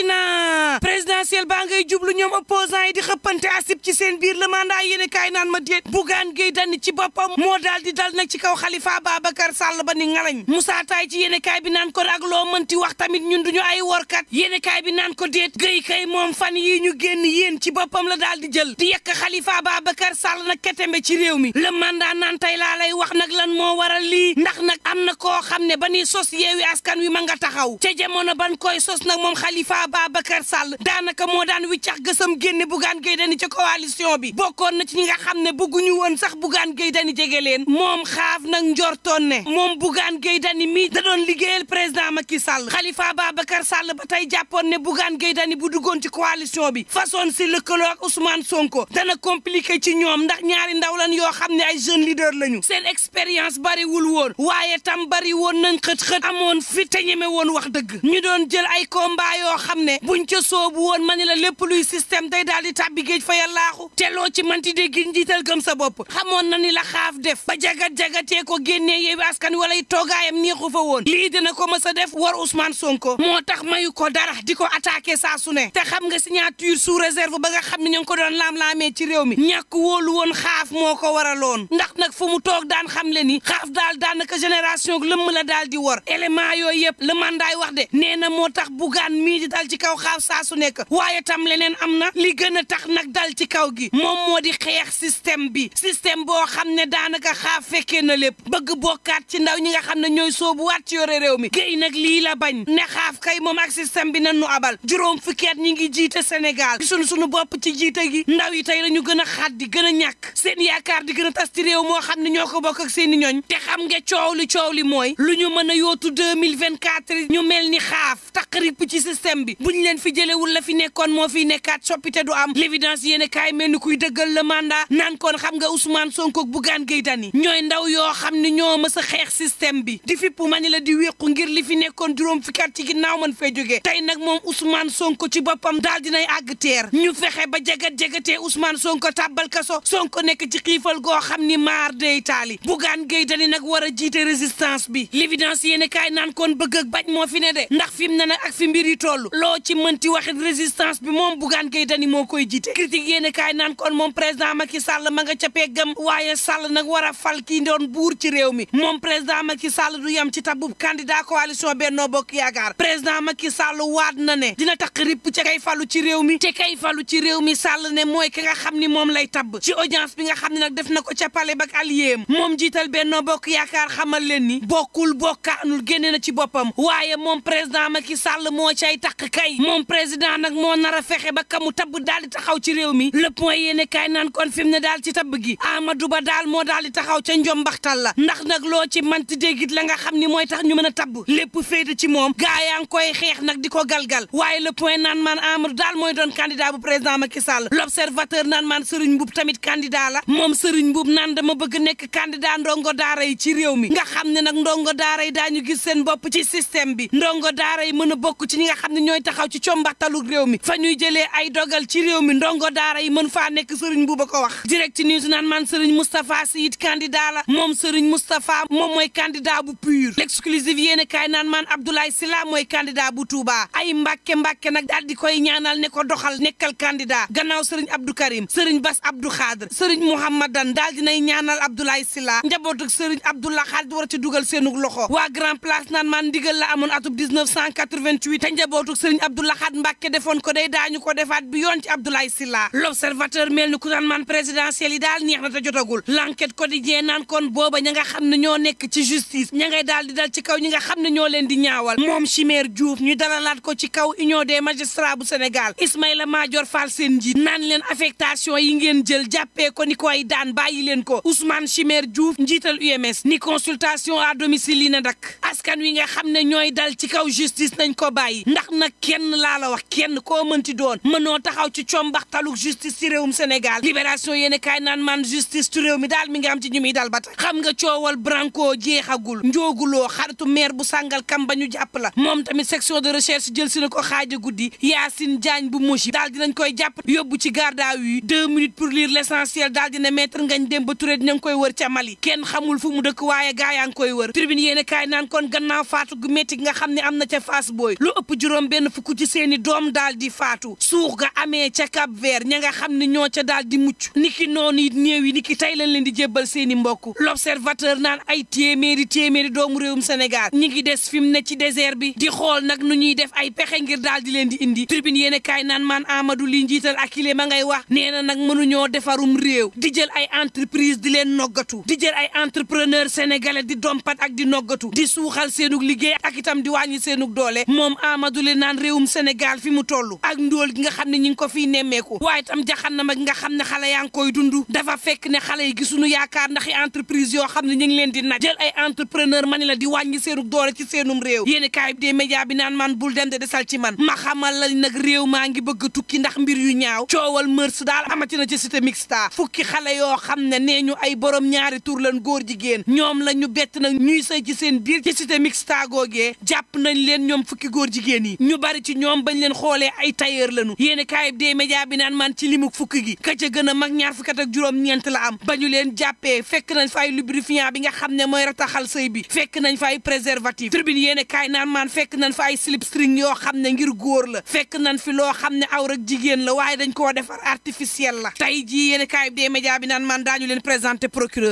na président présidentielle baa ngay jublu ñoom opposants yi di xëppante asib ci seen biir le mandat yéen kaay naan ma déet Bougane Gueye Dany ci boppam moo daal di dal nag ci kaw Khalifa Babacar Sall ba ni ngalañ Moussa Taye ci yéen bi naan ko ak loo mënti wax tamit ñun duñu ay workat kat kaay bi naan ko déet Gueye kay moom fan yi ñu génn yéen ci boppam la daal di jël di yakk yekk Khalifa Babacar Sall nag ketembe ci réew mi le mandat naan tey laa lay wax nag lan moo waral lii nag am na koo xam ne ba ni sos yeewi askan wi ma nga taxaw ca jamono ban koy sos nag moom Khalifa Babacar Sall daana daanaka moo daan wiccax gësam génne Bougane Gueye Dany ci coalition bi bokkoon na ci ñi nga xam ne bëgguñu woon sax Bougane Gueye Dany jege leen moom xaaf nag njortoon ne moom Bougane Gueye Dany mi da doon liggéeyal président Macky Sall Khalifa Babacar Sall ba tey jàppoon ne Bougane Gueye Dany bu duggoon ci coalition bi façon si lëkkaloo ak Ousmane Sonko dana compliqué ci ñoom ndax ñaari ndaw lan yoo xam ne ay jeune lider lañu seen bari wul woon waaye tam bari woon nañ xët amoon fi te ñeme woon wax dëgg ñu doon jël ay combat yoo man ni la lépp luy système day daal di tàbbi géej fa yàllaaxu te loo ci manti dégg njiital gëm sa bopp xamoon na ni la xaaf def ba jagat-jagatee ko génnee yeewi askan wala toogaayam neexu fa woon lii dina ko mës a def war Ousmane Sonko moo tax mayu ko dara di ko attaqué saa su ne te xam nga signature sous réserve ba nga xam ne ña ngi ko doon laam-laamee ci réew mi ñàkk wóolu woon xaaf moo ko waraloon ndax nag fu mu toog daan xam le ni xaaf daal daanaka génération lëmm la daal di war élément yooyu yëpp le mandaay wax de nee na moo tax bugaan mii di ci kaw xaaf saa su nekk waaye tam leneen am na li gën a tax nag dal ci kaw gi moom moo di xeex système bi système boo xam ne daanaka xaa fekkee na lépp bëgg bokkaat ci ndaw ñi nga xam ne ñooy soobuwaat ci yore réew mi géy nag lii la bañ ne xaaf kay moom ak système bi nan nu abal juróom fukki at ñi ngi jiite Sénégal sunu sunu bopp ci jiite gi ndaw yi tey la ñu gën a xaat di gën a ñàkk seen yaakaar di gën a tas ci réew moo xam ne ñoo ko bokk ak seen i ñooñ te xam nga coow li coow li mooy lu ñu mën a yootu 2024 ñu mel ni xaaf taq ripp ci système bi buñ leen fi jëlewul fi nekkoon moo fi nekkaat soppite du am l'évidence yéen mel ni kuy dëggal le mandat naan kon xam nga Ousmane Sonko Bougane Gueye Dany ñooy ndaw yoo xam ne ñoo mës a xeex système bi di fippu mani la di wéqu ngir li fi nekkoon juróom fukki ci ginnaaw man fee jógee tey nag moom Ousmane Sonko ci boppam daal dinay àgg teer ñu fexe ba jagat jagatee Ousmane Sonko tàbbal kaso Sonko nekk ci xiifal goo xam ni maar day taali Bougane Gueye Dany nag war a jiite résistance bi l'évidence yéen kaay naan kon bëgg ak bañ moo fi ne de ndax fi mu ne ak fi mbir yi toll loo ci mënti waxit résistance résistance bi moom Bougane Gueye Dany moo koy jiite critique yéen kaay naan kon moom président Macky Sall ma nga ca peggam waaye Sall nag war a fal kii doon buur ci réew mi moom président Macky Sall du yem ci tabub candidat coalition Benno Bokk Yaakaar président Macky Sall waat na ne dina tax ripp ca kay falu ci réew mi te kay ci réew mi Sall ne mooy ki nga xam ni moom lay tabb ci audience bi nga xam ne nag def na ko ca palais bak alliéem moom jiital Benno Bokk Yaakaar xamal leen ni bokkul bokkaanul génne na ci boppam waaye moom président Macky Sall moo cay tax kay moom président nag moo nar a fexe ba kamu tabb daal di taxaw ci réew mi le point yéene naan kon fi ne daal ci tabb gi Amadou Ba daal moo daal di taxaw ca njom mbaxtal la ndax nag loo ci manti déggit la nga xam ni mooy tax ñu mën a tabb lépp féete ci moom gaa yaa ngi koy xeex nag di ko galgal waaye le point naan maan Amadou daal mooy doon candidat bu président Macky Sall l'observateur naan maan Serigne mbub tamit candidat la moom Serigne Mboup naan dama bëgg nekk candidat ndongo daara yi ci réew mi nga xam ne nag ndongo daara yi daañu gis seen bopp ci système bi ndongo daara yi mën a bokk ci ñi nga xam ne ñooy taxaw ci combaxtalug réew mi fa ñuy jëlee ay dogal ci réew mi ndongo daara yi man faa nekk sëriñ bu ba ko wax direct news naan man sëriñ Moustapha Sy it candidat la moom sëriñ Moustapha moom mooy candidat bu pur l'exclusive yéen kaay naan man Abdoulaye Sylla mooy candidat bu Touba ay mbàkke mbàkke nag daal di koy ñaanal ne ko doxal nekkal candidat gannaaw sëriñ Abdou Karim sëriñ Bass Abdou Khadre sëriñ Mouhamadan daal dinay ñaanal Abdoulaye Sylla njaboot ak sëriñ Abdoulaye Khadre war ci dugal seenug loxo waa grand place naan man ndigal la amoon atub 1988 te njabootuk sëriñ Abdoulaye Khadre defoon ko day daañu ko defaat bi yoon ci Abdoulaye Sylla l'observateur mel ni ku naan man présidentiel yi daal neex na te jotagul l'enquête quotidien naan kon booba ña nga xam ne ñoo nekk ci justice ña ngay daal di dal ci kaw ñi nga xam ne ñoo leen di ñaawal moom Chimère Diouf ñu dalalaat ko ci kaw union des magistrats bu Sénégal Ismaïla Madior Fall seen njiit nan leen affectation yi ngeen jël jàppee ko ni ko ay daan bàyyi leen ko Ousmane Chimère Diouf njiital UMS ni consultation à domicile yi na askan wi nga xam ne ñooy dal ci kaw justice nañ ko bàyyi ndax nag kenn laa la wax kenn koo mënti doon mënoo taxaw ci combaxtaluk justice ci réewum Sénégal libération yéen kaay naan man justice ci réew mi daal mi nga am ci ñumi muy dal ba tax xam nga coowal branco jeexagul njooguloo xaritu maire bu sàngal kam ba ñu jàpp la moom tamit section de recherche jël si na ko xaaja guddi Yacine Diagne bu mochi daal nañ koy jàpp yóbbu ci garde à vue deux minutes pour lire l'essentiel daal dina maître Ngagne Demba Touré dinañ koy wër ca kenn xamul fu mu dëkk waaye gaa yaa ngi koy wër woon gannaaw faatu gu métti nga xam ne am na ca Fass booy lu ëpp juróom benn fukk ci seeni doom daal di faatu suux ga amee ca Cap Vert ña nga xam ne ñoo ca daal di mucc niki noonu it néew yi niki tey lañ leen di jébbal seeni mbokk l'observateur naan ay téeméeri téeméeri doomu réewum Sénégal ñi ngi des fi mu ne ci désert bi di xool nag nu ñuy def ay pexe ngir daal di leen di indi tribune yéen kaay naan maan Amadou li njiital akile ma ngay wax nee nag mënuñoo defarum réew di jël ay entreprise di leen noggatu di jël ay entrepreneur sénégalais di dompat ak di noggatu xal seenug liggéey ak itam di wàññi seenug doole moom Amadou le naan réewum Sénégal fi mu toll ak ndóol gi nga xam ne ñi ngi ko fiy nemmeeku waaye itam jaxannama gi nga xam ne xale yaa ngi dafa fekk ne xale yi gisuñu yaakaar ndax entreprise yoo xam ne ñu ngi leen di naj ay entrepreneur mani la di wàññi seenug doole ci seenum réew yéeni kaay bi média bi naan man bul dem desal ci man ma xamal la nag réew maa ngi bëgg tukki ndax mbir yu ñaaw coowal mërs daal amati na ci cité mixta fukki xale yoo xam ne nee ñu ay borom ñaari tur lan góor jigéen ñoom la ñu bett nag ñuy sëy ci seen biir ci cité mixta gee jàpp nañ leen ñoom fukki góor jigéen yi ñu bari ci ñoom bañ leen xoolee ay tailleur lañu yéeni kaayib dee média bi naan man ci limu fukki gi ka gën a mag ñaar fukki ak juróom ñeent la am ba ñu leen jàppee fekk nañ fa ay lubrifiant bi nga xam ne mooy rataxal sëy bi fekk nañ fa ay préservatif tribune yéeni kaay naan maan fekk nañ fa ay slip string yoo xam ne ngir góor la fekk nañ fi loo xam ne aw jigéen la waaye dañ koo defar artificiel la tey jii yéeni kaayib dee média bi naan maan daañu leen présenté procureur